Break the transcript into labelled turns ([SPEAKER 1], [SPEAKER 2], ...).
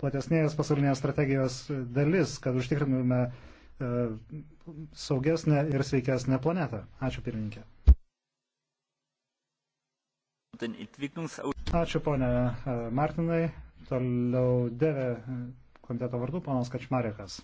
[SPEAKER 1] platesnės pasaulinės strategijos dalis, kad užtikrintume e, saugesnę ir sveikesnę planetą. Ačiū pirmininkė. Ačiū ponė e, Martinai. Toliau devė komiteto vardu ponas Kačmarekas.